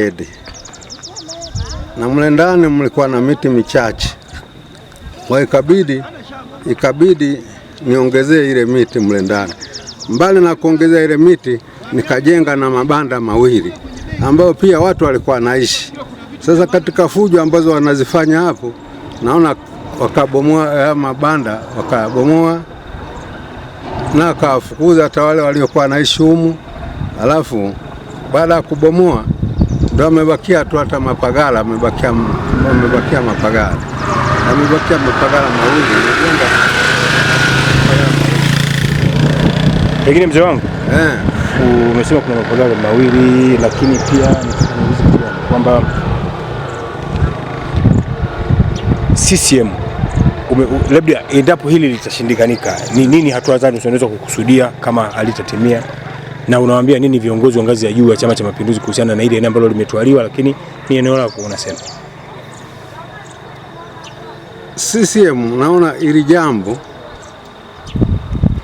Edi. Na mle ndani mlikuwa na miti michache, kwa ikabidi ikabidi niongezee ile miti mle ndani. Mbali na kuongezea ile miti, nikajenga na mabanda mawili ambayo pia watu walikuwa naishi Sasa katika fujo ambazo wanazifanya hapo, naona wakabomoa eh, mabanda, wakabomoa na akawafukuza hata wale waliokuwa naishi humu, alafu baada ya kubomoa ndio amebakia tu hata mapagala amebakia amebakia mapagala amebakia mapagala mawili Pengine mzee wangu eh, umesema kuna mapagala mawili, lakini pia kwamba CCM labda endapo hili litashindikanika, ni nini hatua zake unaweza kukusudia kama alitatimia? na unawaambia nini viongozi wa ngazi ya juu ya Chama cha Mapinduzi kuhusiana na ile eneo ambalo limetwaliwa, lakini ni eneo kuona unasema? CCM naona ili jambo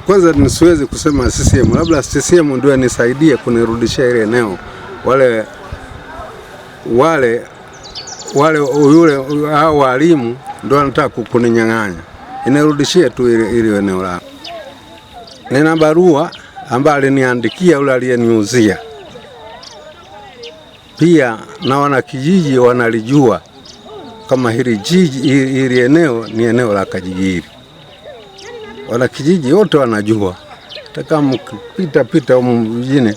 kwanza, nisiwezi kusema CCM, labda CCM ndio anisaidie kunirudishia ile eneo wale wale wale yule hao walimu ndio anataka kuninyang'anya, inarudishia tu ile eneo la Nina barua ambaye aliniandikia yule aliyeniuzia. Pia na wanakijiji wanalijua kama hili jiji, hili eneo ni eneo la Kajigiri. Wanakijiji wote wanajua, taka mkipita pita humu mjini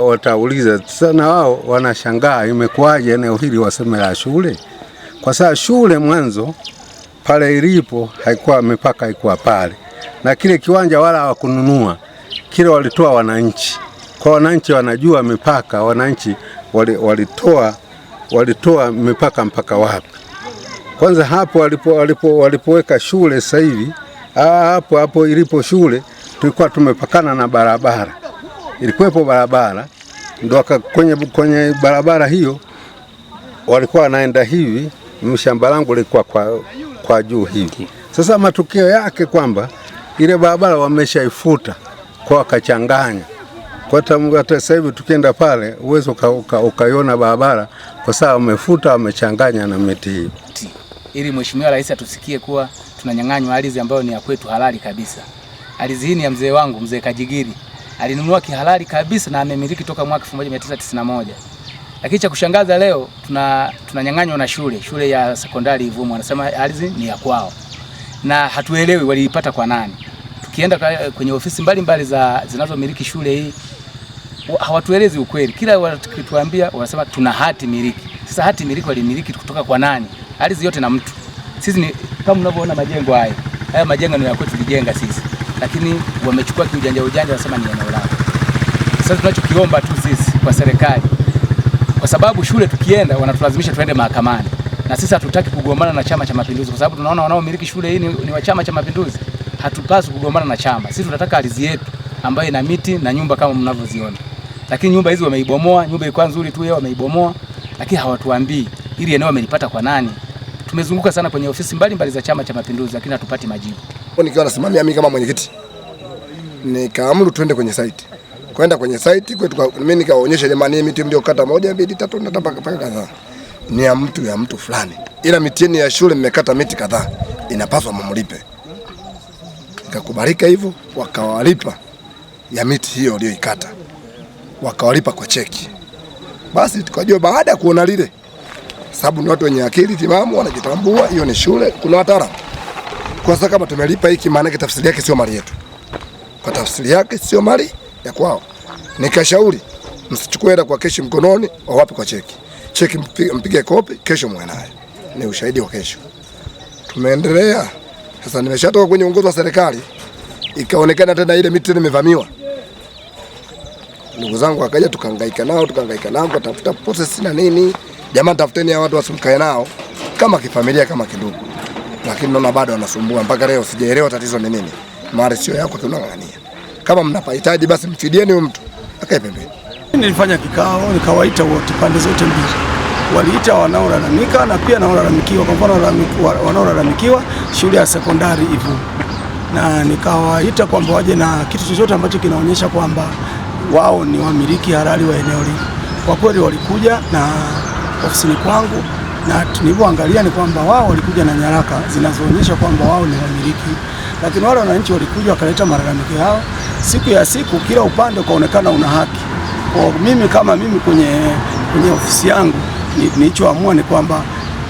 watauliza wata sana, wao wanashangaa imekuwaje eneo hili waseme la shule, kwa saa shule mwanzo pale ilipo haikuwa mipaka, haikuwa pale na kile kiwanja wala hawakununua kile walitoa wananchi, kwa wananchi wanajua mipaka, wananchi walitoa walitoa mipaka mpaka wapi. Kwanza hapo walipoweka walipo, walipoweka shule sasa hivi hapo hapo ilipo shule tulikuwa tumepakana na barabara, ilikuwepo barabara ndo kwenye, kwenye barabara hiyo walikuwa wanaenda hivi, mshamba langu lilikuwa kwa, kwa juu hivi. Sasa matukio yake kwamba ile barabara wameshaifuta kwa wakachanganya hata sasa hivi tukienda pale uwezo ukaiona barabara kwa sababu wamefuta wamechanganya na miti hii, ili Mheshimiwa Rais atusikie kuwa tunanyang'anywa ardhi ambayo ni ya kwetu halali kabisa. Ardhi hii ni ya mzee wangu mzee Kajigiri, alinunua kihalali kabisa na amemiliki toka mwaka 1991 lakini cha kushangaza leo tuna tunanyang'anywa na shule shule ya sekondari Ivumu, anasema ardhi ni ya kwao na hatuelewi waliipata kwa nani ukienda kwenye ofisi mbalimbali za zinazomiliki shule hii hawatuelezi ukweli. Kila wanatuambia wanasema tuna hati miliki. Sasa hati miliki walimiliki kutoka kwa nani? Ardhi yote na mtu. Sisi ni kama mnavyoona majengo haya. Haya majengo ni ya kwetu tulijenga sisi. Lakini wamechukua kiujanja ujanja wanasema ni eneo lao. Sasa tunachokiomba tu sisi kwa serikali kwa sababu shule tukienda wanatulazimisha tuende mahakamani, na sisi hatutaki kugombana na Chama cha Mapinduzi kwa sababu tunaona wanaomiliki shule hii ni, ni wa Chama cha Mapinduzi hatupaswi kugombana na chama. Sisi tunataka ardhi yetu ambayo ina miti na nyumba kama mnavyoziona, lakini nyumba hizi wameibomoa. Nyumba ilikuwa nzuri tu, yeye wameibomoa, lakini hawatuambii ili eneo wamelipata kwa nani. Tumezunguka sana kwenye ofisi mbalimbali za Chama cha Mapinduzi, lakini hatupati majibu. Nikiwa nasimamia mimi kama mwenyekiti, nikaamuru twende kwenye site, kwenda kwenye site kwetu, mimi nikaonyesha jamani, miti kata moja, mbili, tatu na tapaka paka kadhaa ni ya mtu ya mtu fulani, ila mitieni ya shule mmekata miti kadhaa, inapaswa mumlipe. Ikakubalika hivyo, wakawalipa ya miti hiyo walioikata, wakawalipa kwa cheki. Basi tukajua baada ya kuona lile, sababu ni watu wenye akili timamu, wanajitambua, hiyo ni shule, kuna wataalamu. Kwa sasa kama tumelipa hiki, maana yake tafsiri yake sio mali yetu, kwa tafsiri yake sio mali ya kwao. Nikashauri msichukue hela kwa keshi mkononi, wawape kwa cheki. Cheki mpige kopi, kesho mwenaye, ni ushahidi wa kesho. Tumeendelea sasa nimeshatoka kwenye uongozi wa serikali, ikaonekana tena ile miti imevamiwa. Ndugu zangu akaja, tukahangaika nao tukahangaika nao, tukatafuta process na nini, jamaa tafuteni hao watu wasimkae nao kama kifamilia kama kidugu, lakini naona bado wanasumbua mpaka leo. Sijaelewa tatizo ni nini, mara sio yako tunang'ania. Kama mnapahitaji basi mfidieni huyo mtu akae pembeni. Nilifanya kikao nikawaita wote pande zote mbili waliita wanaolalamika na pia wanaolalamikiwa. Kwa mfano wanaolalamikiwa shule ya sekondari hivyo, na nikawaita kwamba waje na kitu chochote ambacho kinaonyesha kwamba wao ni wamiliki halali wa eneo hili. Kwa kweli walikuja na ofisini kwangu na nilivyoangalia ni kwamba wao walikuja na nyaraka zinazoonyesha kwamba wao ni wamiliki, lakini wale wananchi walikuja wakaleta malalamiko yao. Siku ya siku, kila upande ukaonekana una haki. Kwa mimi kama mimi kwenye, kwenye ofisi yangu nilichoamua ni kwamba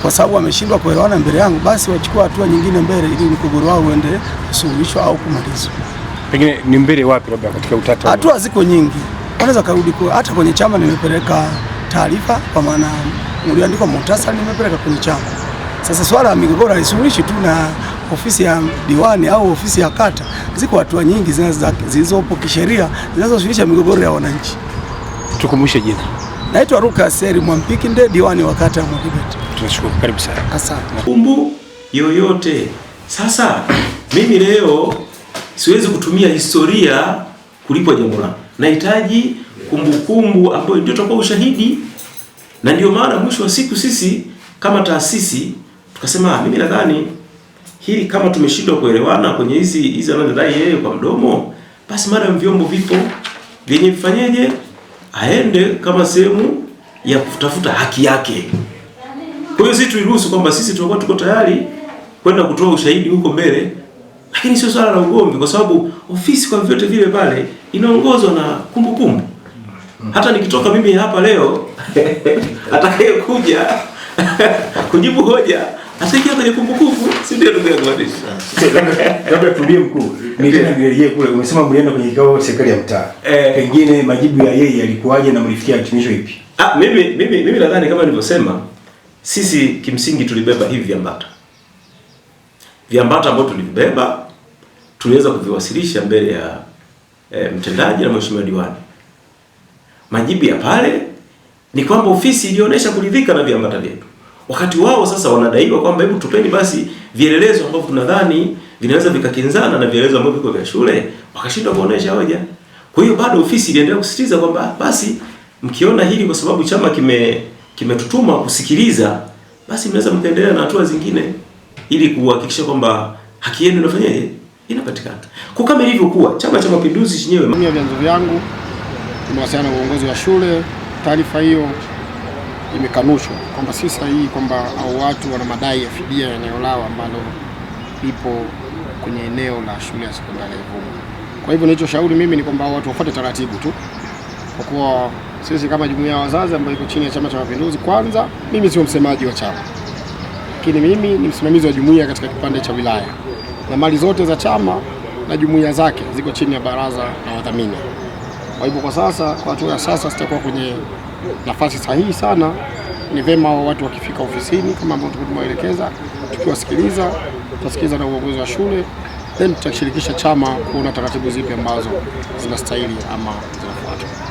kwa sababu wameshindwa kuelewana mbele yangu, basi wachukua hatua nyingine mbele ili mgogoro wao uende kusuluhishwa au kumalizwa. Pengine ni mbele wapi, labda katika utata? Hatua ziko nyingi, wanaweza karudi kwa, hata kwenye chama nimepeleka taarifa, kwa maana uliandikwa muhtasari, nimepeleka kwenye chama. Sasa swala la migogoro haisuluhishi tu na ofisi ya diwani au ofisi ya kata, ziko hatua nyingi zilizopo kisheria zinazosuluhisha migogoro ya wananchi. Tukumbushe jina Naitwa Ruka Seri Mwampiki ndiye diwani wa kata ya Mwakibete. Tunashukuru, karibu sana. Asante. Kumbu yoyote. Sasa mimi leo siwezi kutumia historia kulipo jambo langu. Nahitaji kumbukumbu ambayo ndio tutakuwa ushahidi, na ndio maana mwisho wa siku sisi kama taasisi tukasema, ah, mimi nadhani hili kama tumeshindwa kuelewana kwenye hizi hizi anadai yeye kwa mdomo, basi mada vyombo vipo vyenye vifanyeje aende kama sehemu ya kutafuta haki yake. Kwa hiyo sisi tuiruhusu kwamba sisi tunakuwa tuko tayari kwenda kutoa ushahidi huko mbele, lakini sio swala la ugomvi, kwa sababu ofisi kwa vyote vile pale inaongozwa na kumbukumbu. Hata nikitoka mimi hapa leo atakayekuja kujibu hoja Asikia kwenye kumbukumbu, si ndio ndugu yangu Hadishi? Ah. Labda tulie mkuu. mimi Nilitaka nirejee kule. Umesema mlienda kwenye kikao cha serikali ya mtaa. Eh. Pengine majibu ya yeye yalikuwaje na mlifikia hitimisho ipi? Ah, mimi mimi mimi nadhani kama nilivyosema sisi kimsingi tulibeba hivi viambata. Viambata ambavyo tulibeba tuliweza kuviwasilisha mbele ya e, mtendaji na mheshimiwa diwani. Majibu ya pale ni kwamba ofisi ilionyesha kuridhika na viambata vyetu. Wakati wao sasa wanadaiwa kwamba hebu tupeni basi vielelezo ambavyo tunadhani vinaweza vikakinzana na vielelezo ambavyo viko vya shule, wakashindwa kuonesha hoja. Kwa hiyo bado ofisi iliendelea kusisitiza kwamba basi mkiona hili, kwa sababu chama kime kimetutuma kusikiliza, basi mnaweza mkaendelea na hatua zingine ili kuhakikisha kwamba haki yenu inafanyaje, inapatikana. Kwa kama ilivyokuwa Chama cha Mapinduzi chenyewe, mimi vyanzo vyangu tumewasiliana na uongozi wa shule, taarifa hiyo imekanushwa kwamba si sahihi kwamba au watu wana madai ya fidia ya eneo lao ambalo lipo kwenye eneo la shule ya sekondari ya Kwa hivyo nilichoshauri mimi ni kwamba watu wafuate taratibu tu, kwa kuwa sisi kama jumuiya ya wazazi ambayo iko chini ya Chama cha Mapinduzi, kwanza mimi sio msemaji wa chama, lakini mimi ni msimamizi wa jumuiya katika kipande cha wilaya, na mali zote za chama na jumuiya zake ziko chini ya baraza la wadhamini. Kwa hivyo kwa sasa, kwa hatua ya sasa, sitakuwa kwenye nafasi sahihi sana. Ni vema watu wakifika ofisini kama ambavyo tumewaelekeza, tukiwasikiliza, tutasikiliza na uongozi wa shule, then tutashirikisha chama kuona taratibu zipi ambazo zinastahili ama zinafuatwa.